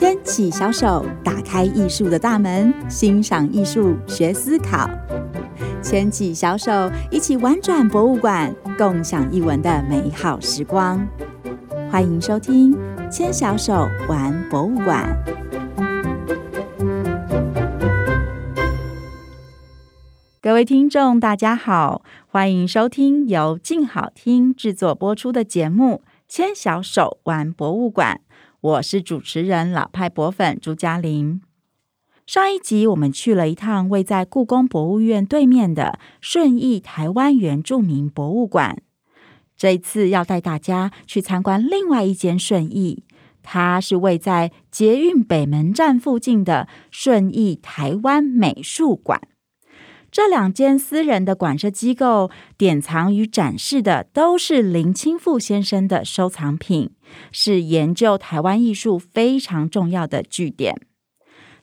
牽起小手，打開藝術的大門，欣賞藝術，學思考。牽起小手，一起玩轉博物館，共享藝文的美好時光。歡迎收聽《牽小手玩博物館》。各位聽眾，大家好，歡迎收聽由靜好聽制作播出的節目《牽小手玩博物館》。我是主持人老派博粉朱家琳。上一集我們去了一趟位在故宮博物院對面的順益台灣原住民博物館，這一次要帶大家去參觀另外一間順益，它是位在捷運北門站附近的順益台灣美術館。這兩間私人的館舍機構典藏、與展示的都是林清富先生的收藏品，是研究台灣藝術非常重要的據點。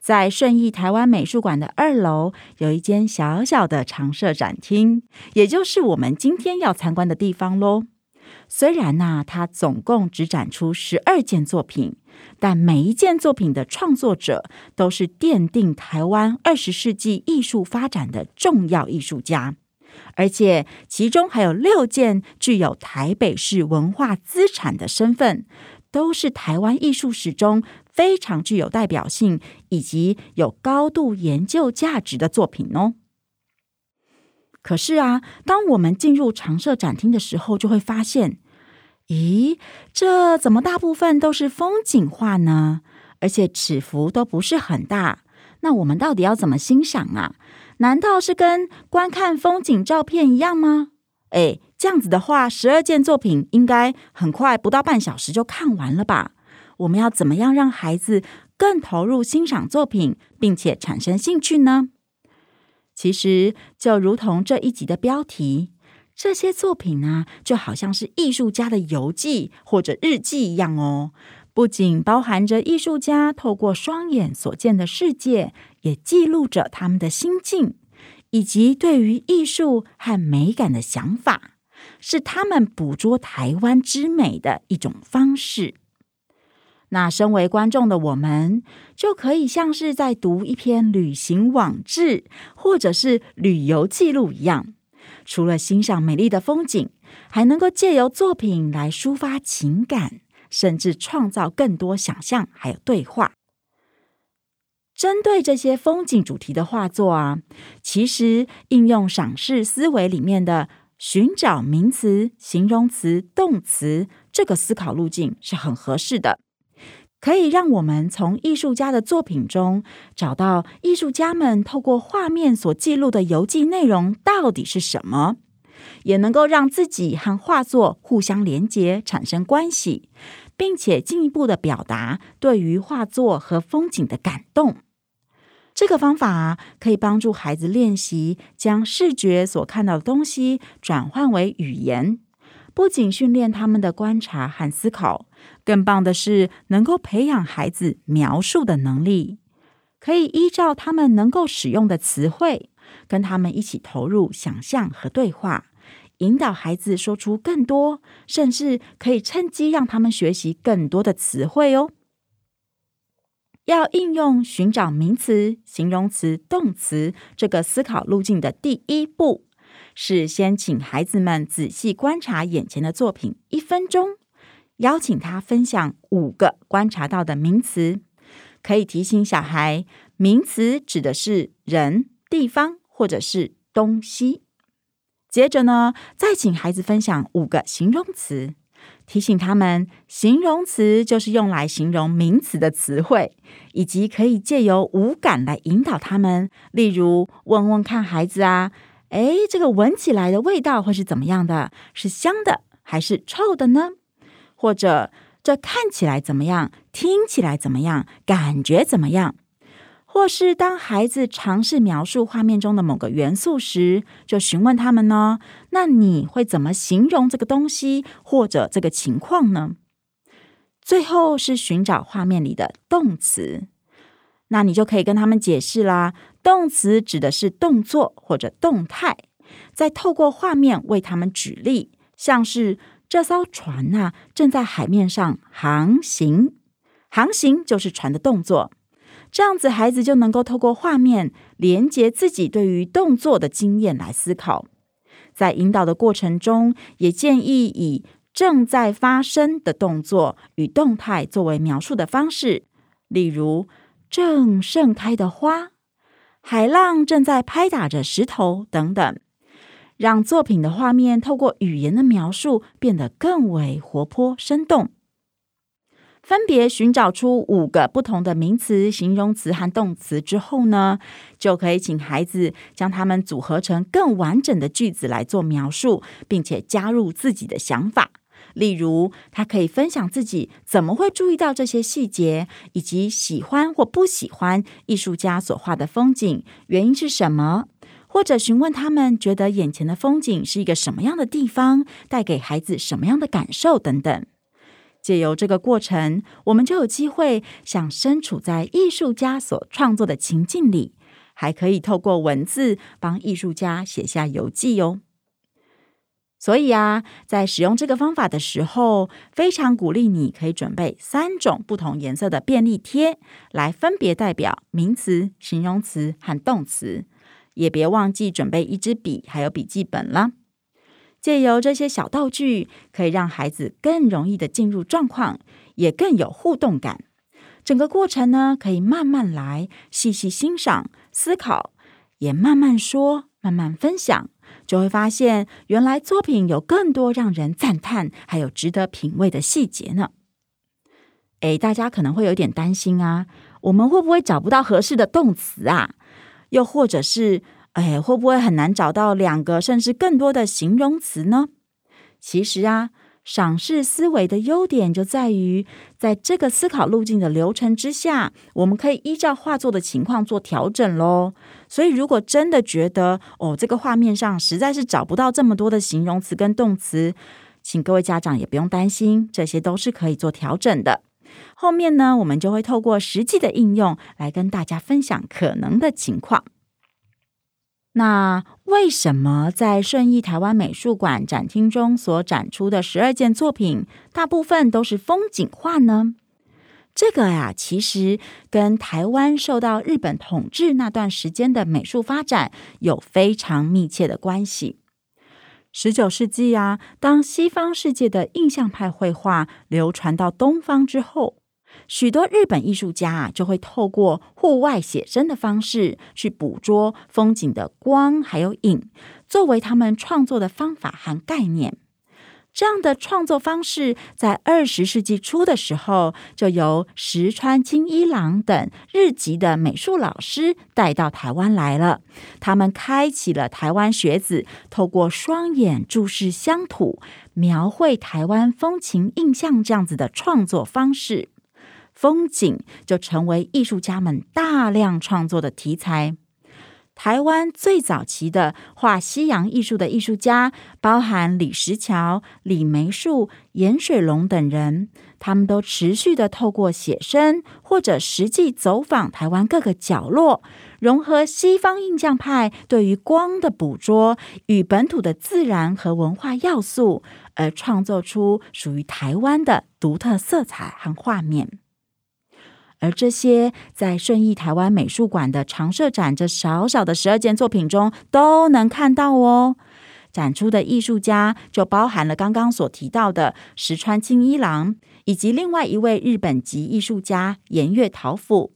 在順益台灣美術館的二樓，有一間小小的常設展廳，也就是我們今天要參觀的地方嘍。雖然呢、啊，他總共只展出十二件作品，但每一件作品的創作者都是奠定台灣二十世紀藝術發展的重要藝術家，而且其中還有六件具有台北市文化資產的身份，都是台灣藝術史中非常具有代表性以及有高度研究價值的作品哦。可是啊，當我們進入常設展廳的時候，就會發現，咦，這怎麼大部分都是風景畫呢？而且尺幅都不是很大。那我們到底要怎麼欣賞啊？難道是跟觀看風景照片一樣嗎？哎，這樣子的話，十二件作品應該很快不到半小時就看完了吧？我們要怎麼樣讓孩子更投入欣賞作品，並且產生興趣呢？其實就如同這一集的標題，這些作品呢，就好像是藝術家的遊記或者日記一樣哦。不僅包含着藝術家透過雙眼所見的世界，也記錄着他們的心境，以及對於藝術和美感的想法，是他們捕捉台灣之美的一種方式。那身為觀眾的我們，就可以像是在讀一篇旅行網誌或者是旅遊記錄一樣，除了欣賞美麗的風景，還能夠借由作品來抒發情感，甚至創造更多想象還有對話。針對這些風景主題的畫作啊，其實應用賞識思維裡面的尋找名詞、形容詞、動詞、這個思考路徑是很合適的。可以讓我們從藝術家的作品中找到藝術家們透過畫面所記錄的遊記內容到底是什麼，也能夠讓自己和畫作互相連接，產生關係，並且進一步的表達對於畫作和風景的感動。這個方法可以幫助孩子練習將視覺所看到的東西轉換為語言。不僅訓練他們的觀察和思考，更棒的是能夠培養孩子描述的能力。可以依照他們能夠使用的詞彙，跟他們一起投入想象和對話，引導孩子說出更多，甚至可以趁機讓他們學習更多的詞彙哦。要應用尋找名詞、形容詞、動詞，這個思考路徑的第一步，是先請孩子們仔細觀察眼前的作品一分鐘，邀請他分享五個觀察到的名詞，可以提醒小孩名詞指的是人、地方或者是東西。接着呢，再請孩子分享五個形容詞，提醒他們形容詞就是用來形容名詞的詞彙，以及可以借由五感來引導他們，例如問問看孩子啊。哎，這個聞起來的味道會是怎麼樣的？是香的還是臭的呢？或者這看起來怎麼樣？聽起來怎麼樣？感覺怎麼樣？或是當孩子嘗試描述畫面中的某個元素時，就詢問他們呢，那你會怎麼形容這個東西或者這個情況呢？最後是尋找畫面裡的動詞。那你就可以跟他們解釋啦。動詞指的是動作或者動態，再透過畫面為他們舉例，像是這艘船吶、啊、正在海面上航行，航行就是船的動作。這樣子孩子就能夠透過畫面連接自己對於動作的經驗來思考。在引導的過程中，也建議以正在發生的動作與動態作為描述的方式，例如。正盛開的花，海浪正在拍打着石頭，等等，讓作品的畫面透過語言的描述變得更為活潑生動。分別尋找出五個不同的名詞、形容詞和動詞之後呢，就可以請孩子將它們組合成更完整的句子來做描述，並且加入自己的想法。例如，他可以分享自己怎麼會注意到這些細節，以及喜歡或不喜歡藝術家所畫的風景，原因是什麼？或者詢問他們覺得眼前的風景是一個什麼樣的地方，帶給孩子什麼樣的感受等等。借由這個過程，我們就有機會想身處在藝術家所創作的情境裡，還可以透過文字幫藝術家寫下遊記哦。所以啊，在使用這個方法的時候，非常鼓勵你可以準備三種不同顏色的便利貼，來分別代表名詞、形容詞和動詞。也別忘記準備一支筆還有筆記本了。借由這些小道具，可以讓孩子更容易地進入狀況，也更有互動感。整個過程呢，可以慢慢來，細細欣賞、思考，也慢慢說、慢慢分享。就會發現，原來作品有更多讓人讚嘆，還有值得品味的細節呢。誒，大家可能會有點擔心啊，我們會不會找不到合適的動詞啊？又或者是，誒，會不會很難找到兩個甚至更多的形容詞呢？其實啊。賞識思維的優點就在於，在這個思考路徑的流程之下，我們可以依照畫作的情況做調整嘍。所以，如果真的覺得哦，這個畫面上實在是找不到這麼多的形容詞跟動詞，請各位家長也不用擔心，這些都是可以做調整的。後面呢，我們就會透過實際的應用來跟大家分享可能的情況。那為什麼在順益台灣美術館展廳中所展出的十二件作品，大部分都是風景畫呢？這個呀，其實跟台灣受到日本統治那段時間的美術發展有非常密切的關係。十九世紀呀、啊，當西方世界的印象派繪畫流傳到東方之後。許多日本藝術家啊，就會透過戶外寫生的方式去捕捉風景的光還有影，作為他們創作的方法和概念。這樣的創作方式，在二十世紀初的時候，就由石川欽一郎等日籍的美術老師帶到台灣來了。他們開啟了台灣學子透過雙眼注視鄉土，描繪台灣風情印象這樣子的創作方式。風景就成為藝術家們大量創作的題材。台灣最早期的畫西洋藝術的藝術家，包含李石樵、李梅樹、顏水龍等人，他們都持續的透過寫生或者實際走訪台灣各個角落，融合西方印象派對於光的捕捉與本土的自然和文化要素，而創作出屬於台灣的獨特色彩和畫面。而這些在順益台灣美術館的常設展，這少少的十二件作品中都能看到哦。展出的藝術家就包含了剛剛所提到的石川欽一郎，以及另外一位日本籍藝術家鹽月桃甫，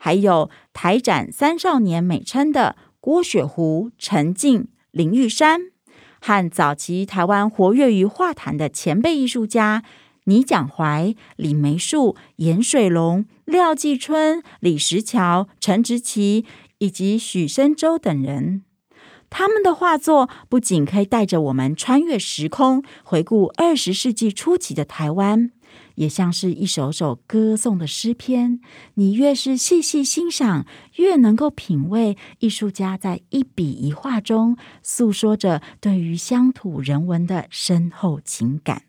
還有台展三少年美稱的郭雪湖、陳進、林玉山，和早期台灣活躍於畫壇的前輩藝術家倪蔣懷、李梅樹、顏水龍。廖繼春、李石樵、陳植棋以及許深州等人，他們的畫作不僅可以帶着我們穿越時空，回顧二十世紀初期的台灣，也像是一首首歌頌的詩篇。你越是細細欣賞，越能夠品味藝術家在一筆一畫中訴說着對於鄉土人文的深厚情感。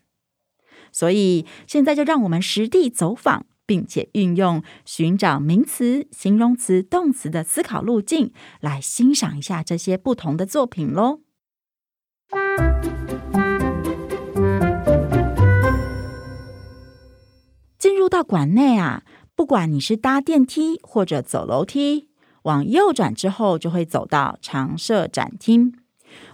所以，現在就讓我們實地走訪。並且運用尋找名詞、形容詞、動詞的思考路徑來欣賞一下這些不同的作品嘍。進入到館內啊，不管你是搭電梯或者走樓梯，往右轉之後就會走到常設展廳。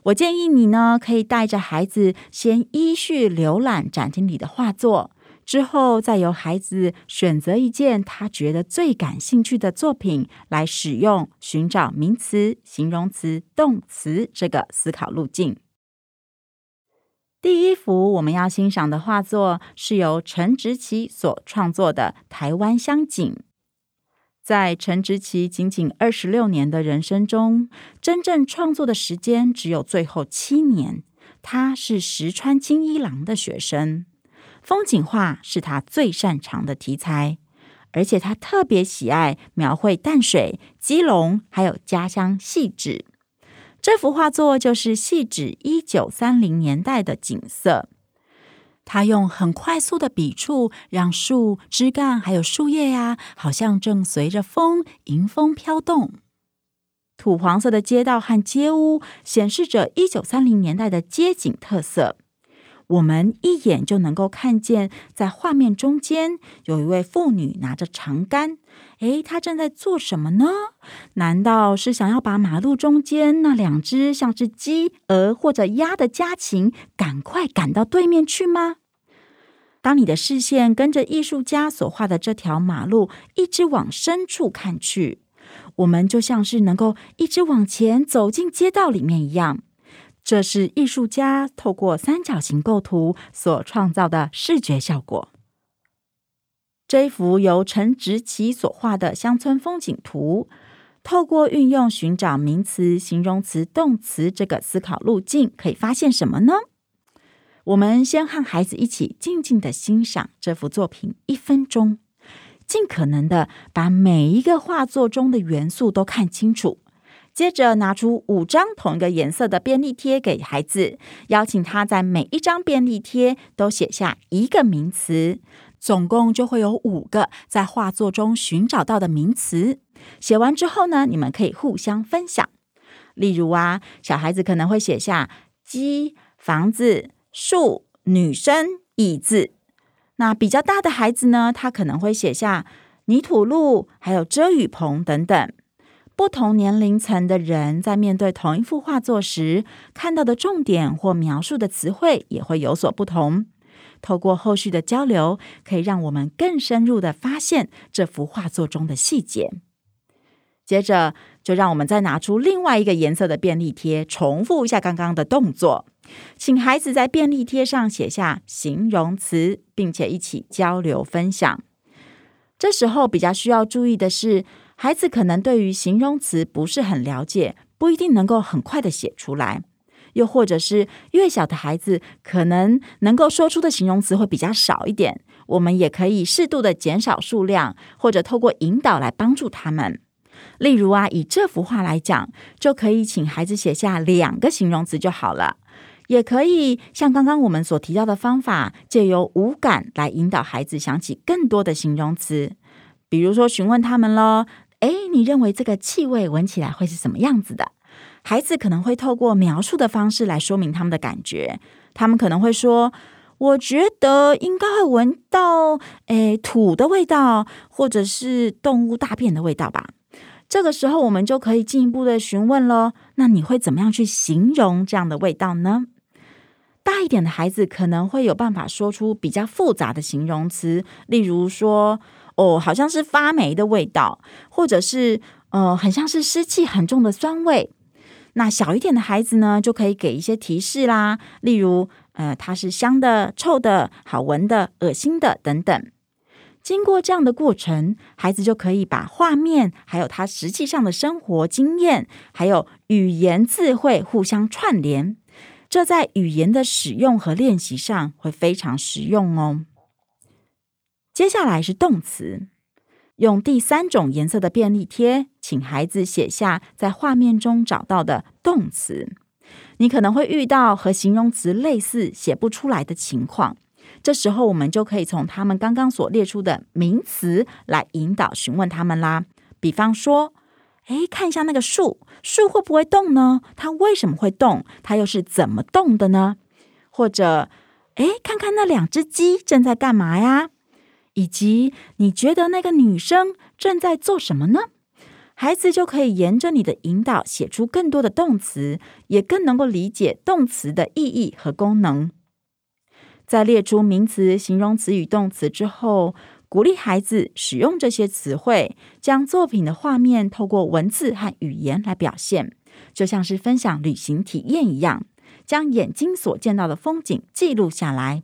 我建議你呢，可以帶着孩子先依序瀏覽展廳裡的畫作。之後，再由孩子選擇一件他覺得最感興趣的作品來使用，尋找名詞、形容詞、動詞這個思考路徑。第一幅我們要欣賞的畫作是由陳植棋所創作的《台灣鄉景》。在陳植棋僅僅二十六年的人生中，真正創作的時間只有最後七年。他是石川欽一郎的學生。風景畫是他最擅長的題材，而且他特別喜愛描繪淡水、基隆還有家鄉汐止。這幅畫作就是汐止一九三零年代的景色。他用很快速的筆觸，讓樹枝幹還有樹葉呀、啊，好像正隨着風迎風飄動。土黃色的街道和街屋，顯示着一九三零年代的街景特色。我們一眼就能夠看見，在畫面中間有一位婦女拿着長桿，誒，她正在做什麼呢？難道是想要把馬路中間那兩隻像是雞、鵝或者鴨的家禽趕快趕到對面去嗎？當你的視線跟着藝術家所畫的這條馬路一直往深處看去，我們就像是能夠一直往前走進街道裡面一樣。這是藝術家透過三角形構圖所創造的視覺效果。這一幅由陳植棋所畫的鄉村風景圖，透過運用尋找名詞、形容詞、動詞這個思考路徑，可以發現什麼呢？我們先和孩子一起靜靜的欣賞這幅作品一分鐘，盡可能的把每一個畫作中的元素都看清楚。接着拿出五張同一個顏色的便利貼給孩子，邀請他在每一張便利貼都寫下一個名詞，總共就會有五個在畫作中尋找到的名詞。寫完之後呢，你們可以互相分享。例如啊，小孩子可能會寫下雞、房子、樹、女生、椅子；那比較大的孩子呢，他可能會寫下泥土路、還有遮雨棚等等。不同年齡層的人在面對同一幅畫作時，看到的重點或描述的詞彙也會有所不同。透過後續的交流，可以讓我們更深入的發現這幅畫作中的細節。接着，就讓我們再拿出另外一個顏色的便利貼，重複一下剛剛的動作，請孩子在便利貼上寫下形容詞，並且一起交流分享。這時候比較需要注意的是，孩子可能對於形容詞不是很了解，不一定能夠很快的寫出來。又或者是越小的孩子，可能能夠說出的形容詞會比較少一點。我們也可以適度的減少數量，或者透過引導來幫助他們。例如啊，以這幅畫來講，就可以請孩子寫下兩個形容詞就好了。也可以像剛剛我們所提到的方法，借由五感來引導孩子想起更多的形容詞。比如說詢問他們嘍。哎，你認為這個氣味聞起來會是什麼樣子的？孩子可能會透過描述的方式來說明他們的感覺。他們可能會說：“我覺得應該會聞到誒，土的味道，或者是動物大便的味道吧。”這個時候，我們就可以進一步的詢問了。那你會怎麼樣去形容這樣的味道呢？大一點的孩子可能會有辦法說出比較複雜的形容詞，例如說。哦、Oh，好像是發霉的味道，或者是呃，很像是濕氣很重的酸味。那小一點的孩子呢，就可以給一些提示啦，例如呃，它是香的、臭的、好聞的、惡心的等等。經過這樣的過程，孩子就可以把畫面，還有他實際上的生活經驗，還有語言詞彙互相串聯。這在語言的使用和練習上會非常實用哦。接下來是動詞，用第三種顏色的便利貼，請孩子寫下在畫面中找到的動詞。你可能會遇到和形容詞類似寫不出來的情況，這時候我們就可以從他們剛剛所列出的名詞來引導詢問他們啦。比方說，哎，看一下那個樹，樹會不會動呢？它為什麼會動？它又是怎麼動的呢？或者，哎，看看那兩隻雞正在幹嘛呀？以及你覺得那個女生正在做什麼呢？孩子就可以沿着你的引導寫出更多的動詞，也更能夠理解動詞的意義和功能。在列出名詞、形容詞與動詞之後，鼓勵孩子使用這些詞彙，將作品的畫面透過文字和語言來表現，就像是分享旅行體驗一樣，將眼睛所見到的風景記錄下來。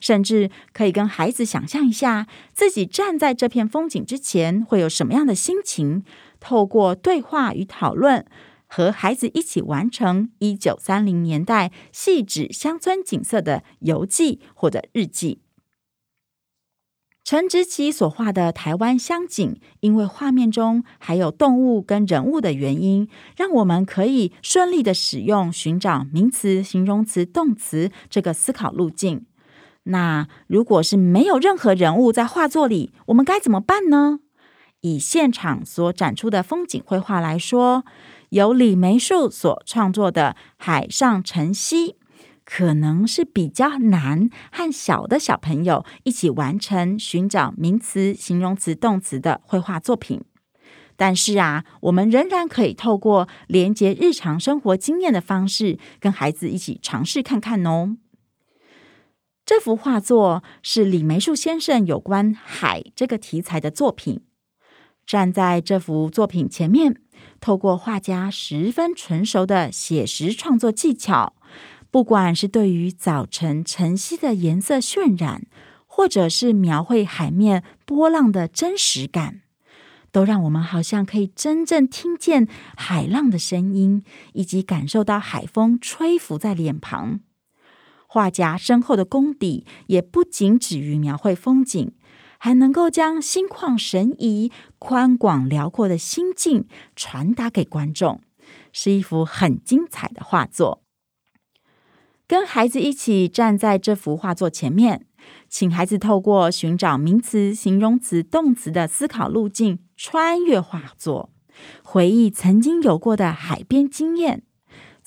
甚至可以跟孩子想象一下，自己站在這片風景之前會有什麼樣的心情。透過對話與討論，和孩子一起完成一九三零年代細緻鄉村景色的遊記或者日記。陳植棋所畫的台灣鄉景，因為畫面中還有動物跟人物的原因，讓我們可以順利的使用尋找名詞、形容詞、動詞這個思考路徑。那如果是沒有任何人物在畫作裡，我們該怎麼辦呢？以現場所展出的風景繪畫來說，由李梅樹所創作的《海上晨曦》，可能是比較難和小的小朋友一起完成尋找名詞、形容詞、動詞的繪畫作品。但是啊，我們仍然可以透過連接日常生活經驗的方式，跟孩子一起嘗試看看哦。這幅畫作是李梅樹先生有關海這個題材的作品。站在這幅作品前面，透過畫家十分純熟的寫實創作技巧，不管是對於早晨晨曦的顏色渲染，或者是描繪海面波浪的真實感，都讓我們好像可以真正聽見海浪的聲音，以及感受到海風吹拂在臉龐。畫家深厚的功底也不僅止於描繪風景，還能夠將心曠神怡、寬廣遼闊的心境傳達給觀眾，是一幅很精彩的畫作。跟孩子一起站在這幅畫作前面，請孩子透過尋找名詞、形容詞、動詞的思考路徑，穿越畫作，回憶曾經有過的海邊經驗。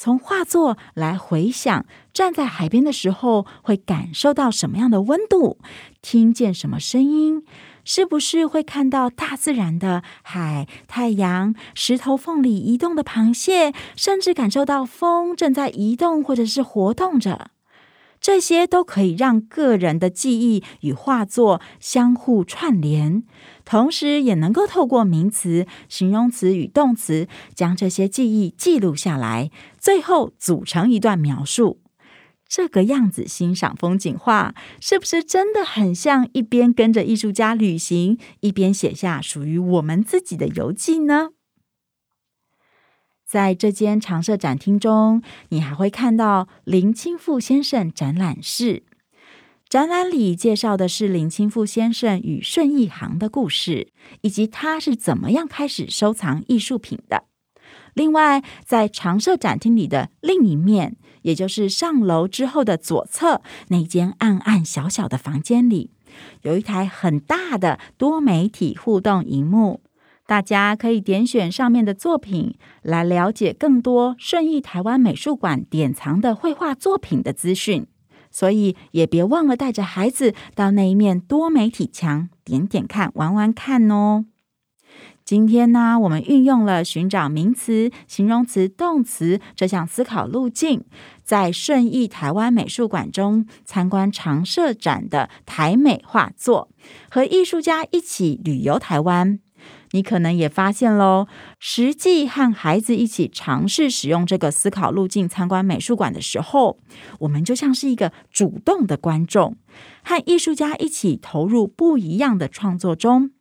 從畫作來回想，站在海邊的時候會感受到什麼樣的溫度？聽見什麼聲音？是不是會看到大自然的海、太陽、石頭縫裡移動的螃蟹，甚至感受到風正在移動或者是活動着。這些都可以讓個人的記憶與畫作相互串聯，同時也能夠透過名詞、形容詞與動詞將這些記憶記錄下來，最後組成一段描述。這個樣子欣賞風景畫，是不是真的很像一邊跟着藝術家旅行，一邊寫下屬於我們自己的遊記呢？在這間常設展廳中，你還會看到林清富先生展覽室。展覽裡介紹的是林清富先生與順益行的故事，以及他是怎麼樣開始收藏藝術品的。另外，在常設展廳裡的另一面，也就是上樓之後的左側，那間暗暗小小的房間裡，有一台很大的多媒體互動熒幕。大家可以點選上面的作品，來了解更多順益台灣美術館典藏的繪畫作品的資訊。所以也別忘了帶着孩子到那一面多媒體牆，點點看，玩玩看哦。今天呢，我們運用了尋找名詞、形容詞、動詞這項思考路徑，在順益台灣美術館中參觀常設展的台美畫作，和藝術家一起旅遊台灣。你可能也發現嘍，實際和孩子一起嘗試使用這個思考路徑參觀美術館的時候，我們就像是一個主動的觀眾，和藝術家一起投入不一樣的創作中。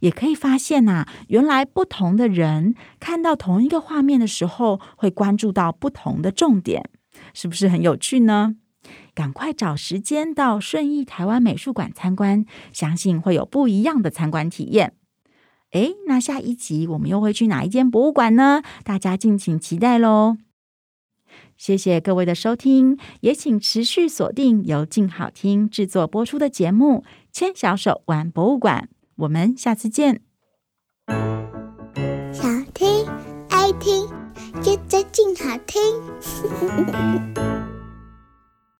也可以發現吶、啊，原來不同的人看到同一個畫面的時候，會關注到不同的重點，是不是很有趣呢？趕快找時間到順益台灣美術館參觀，相信會有不一樣的參觀體驗。哎，那下一集我們又會去哪一間博物館呢？大家敬請期待嘍！謝謝各位的收聽，也請持續鎖定由靜好聽制作播出的節目《牽小手玩博物館》，我們下次見！想聽愛聽，就在靜好聽。